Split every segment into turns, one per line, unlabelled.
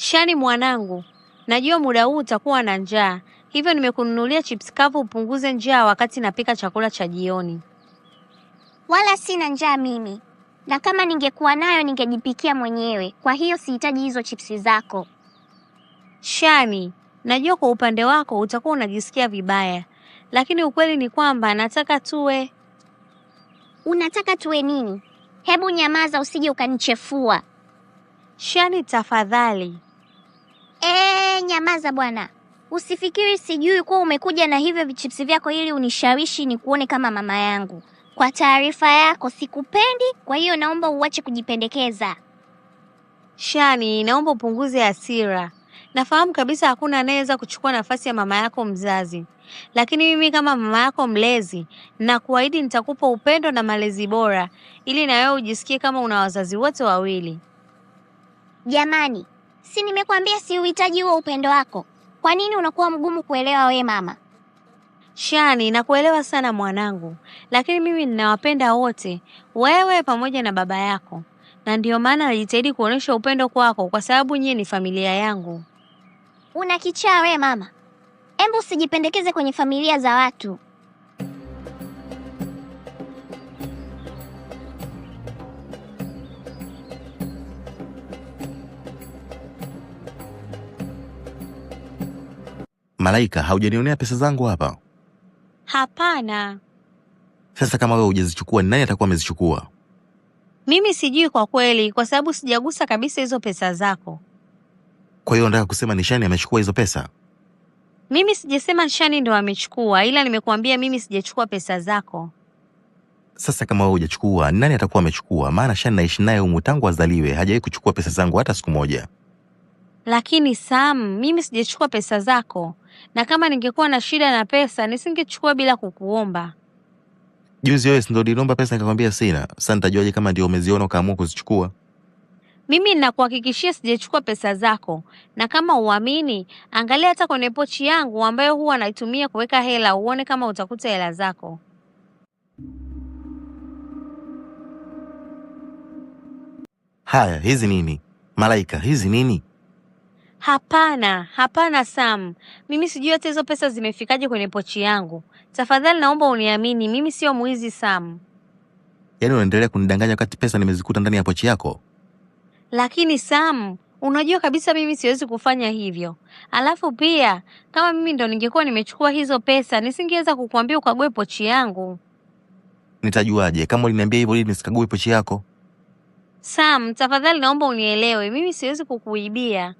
Shani mwanangu, najua muda huu utakuwa na njaa, hivyo nimekununulia chips kavu upunguze njaa wakati napika chakula cha jioni.
Wala sina njaa mimi, na kama ningekuwa nayo ningejipikia mwenyewe, kwa hiyo sihitaji hizo chipsi zako.
Shani, najua kwa upande wako utakuwa unajisikia vibaya, lakini ukweli ni kwamba nataka tuwe.
Unataka tuwe nini? Hebu nyamaza usije ukanichefua.
Shani, tafadhali.
Ee, nyamaza bwana, usifikiri sijui kuwa umekuja na hivyo vichipsi vyako ili unishawishi ni kuone kama mama yangu. Kwa taarifa yako, sikupendi, kwa hiyo naomba uache kujipendekeza.
Shani, naomba upunguze hasira. Nafahamu kabisa hakuna anayeweza kuchukua nafasi ya mama yako mzazi, lakini mimi kama mama yako mlezi, na kuahidi nitakupa upendo na malezi bora, ili na wewe ujisikie kama una wazazi wote wawili.
Jamani, Si nimekwambia si uhitaji huo upendo wako? Kwa nini unakuwa mgumu kuelewa we mama?
Shani, nakuelewa sana mwanangu, lakini mimi ninawapenda wote, wewe pamoja na baba yako, na ndiyo maana najitahidi kuonyesha upendo kwako, kwa sababu nyie ni familia yangu.
Una kichaa we mama, embu usijipendekeze kwenye familia za watu.
Malaika, haujanionea pesa zangu hapa?
Hapana.
Sasa kama wewe hujazichukua, nani atakuwa amezichukua?
Mimi sijui kwa kweli, kwa sababu sijagusa kabisa hizo pesa zako.
Kwa hiyo nataka kusema Nishani amechukua hizo pesa?
Mimi sijasema Nishani ndo amechukua, ila nimekuambia mimi sijachukua pesa zako.
Sasa kama wewe hujachukua, nani atakuwa amechukua? Maana Shani naishi naye humu tangu azaliwe, hajawahi kuchukua pesa zangu hata siku moja.
Lakini Sam, mimi sijachukua pesa zako, na kama ningekuwa na shida na pesa nisingechukua bila kukuomba.
Juzi wewe ndio niliomba pesa nikakwambia sina. Sasa nitajuaje kama ndio umeziona ukaamua kuzichukua?
Mimi ninakuhakikishia sijachukua pesa zako, na kama uamini, angalia hata kwenye pochi yangu ambayo huwa naitumia kuweka hela, uone kama utakuta hela zako.
Haya, hizi nini? Malaika, hizi nini?
Hapana, hapana Sam, mimi sijui hata hizo pesa zimefikaje kwenye pochi yangu. Tafadhali naomba uniamini, mimi sio mwizi Sam.
Yaani unaendelea kunidanganya wakati pesa nimezikuta ndani ya pochi yako?
Lakini Sam, unajua kabisa mimi siwezi kufanya hivyo. Alafu pia kama mimi ndo ningekuwa nimechukua hizo pesa nisingeweza kukuambia ukague pochi yangu.
Nitajuaje kama uliniambia hivyo ili nisikague pochi yako?
Sam, tafadhali naomba unielewe, mimi siwezi kukuibia.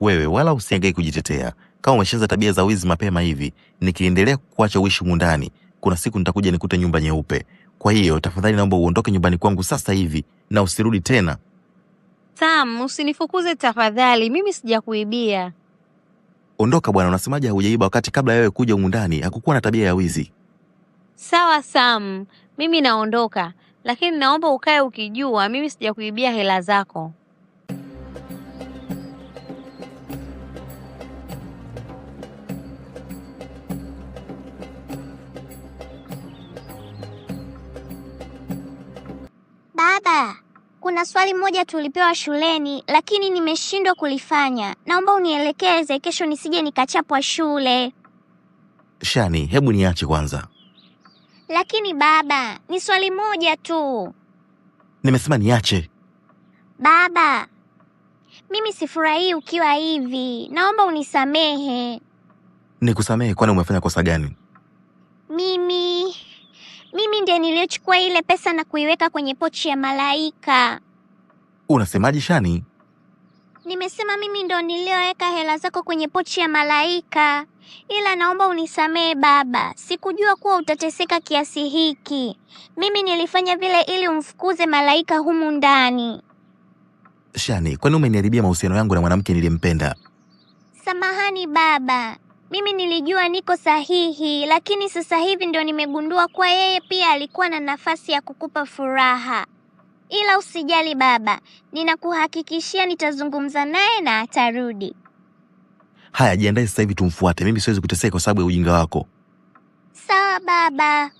Wewe wala usiangai kujitetea. Kama umeshaanza tabia za wizi mapema hivi, nikiendelea kuacha uishi mundani, kuna siku nitakuja nikute nyumba nyeupe. Kwa hiyo tafadhali, naomba uondoke nyumbani kwangu sasa hivi na usirudi tena.
Sam, usinifukuze tafadhali, mimi sijakuibia.
Ondoka bwana, unasemaje? Haujaiba wakati kabla yawe kuja mundani hakukuwa na tabia ya wizi.
Sawa Sam, mimi naondoka, lakini naomba ukae ukijua mimi sijakuibia hela zako.
Kaka, kuna swali moja tulipewa shuleni lakini nimeshindwa kulifanya. Naomba unielekeze kesho nisije nikachapwa shule.
Shani, hebu niache kwanza.
Lakini baba, ni swali moja tu.
Nimesema niache.
Baba, mimi sifurahii ukiwa hivi, naomba unisamehe.
Nikusamehe kwani umefanya kosa gani?
Mimi mimi ndiye niliyochukua ile pesa na kuiweka kwenye pochi ya Malaika.
Unasemaje Shani?
Nimesema mimi ndo niliyoweka hela zako kwenye pochi ya Malaika, ila naomba unisamehe baba, sikujua kuwa utateseka kiasi hiki. Mimi nilifanya vile ili umfukuze Malaika humu ndani.
Shani, kwani umeniharibia mahusiano yangu na mwanamke niliyempenda?
Samahani baba, mimi nilijua niko sahihi, lakini sasa hivi ndio nimegundua kuwa yeye pia alikuwa na nafasi ya kukupa furaha. Ila usijali baba, ninakuhakikishia nitazungumza naye na atarudi.
Haya, jiandae sasa hivi tumfuate. Mimi siwezi kuteseka kwa sababu ya ujinga wako.
Sawa baba.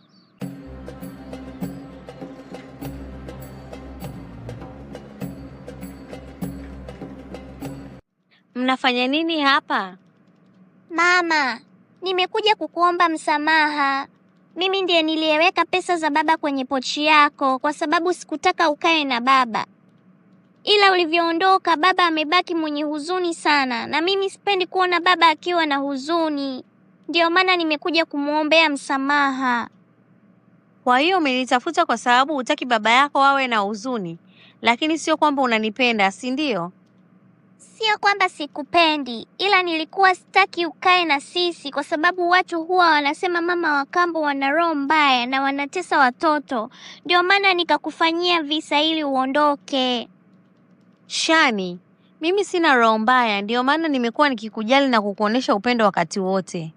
Mnafanya nini hapa?
Mama, nimekuja kukuomba msamaha. Mimi ndiye niliyeweka pesa za baba kwenye pochi yako kwa sababu sikutaka ukae na baba, ila ulivyoondoka baba amebaki mwenye huzuni sana, na mimi sipendi kuona baba akiwa na huzuni. Ndiyo maana nimekuja kumwombea msamaha.
Kwa hiyo umenitafuta kwa sababu hutaki baba yako awe na huzuni, lakini sio kwamba unanipenda, si ndio?
Sio kwamba sikupendi, ila nilikuwa sitaki ukae na sisi kwa sababu watu huwa wanasema mama wa kambo wana roho mbaya na wanatesa watoto, ndio maana nikakufanyia visa ili uondoke.
Shani, mimi sina roho mbaya, ndio maana nimekuwa nikikujali na kukuonesha upendo wakati wote.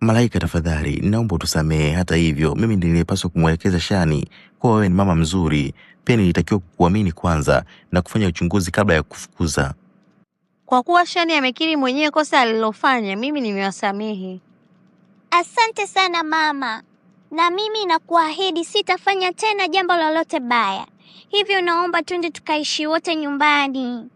Malaika, tafadhali naomba utusamehe. Hata hivyo, mimi nilipaswa kumwelekeza Shani kuwa wewe ni mama mzuri pia nilitakiwa kuamini kwanza na kufanya uchunguzi kabla ya kufukuza.
Kwa kuwa Shani amekiri mwenyewe kosa alilofanya, mimi nimewasamehe.
Asante sana mama, na mimi nakuahidi sitafanya tena jambo lolote baya, hivyo naomba twende tukaishi wote nyumbani.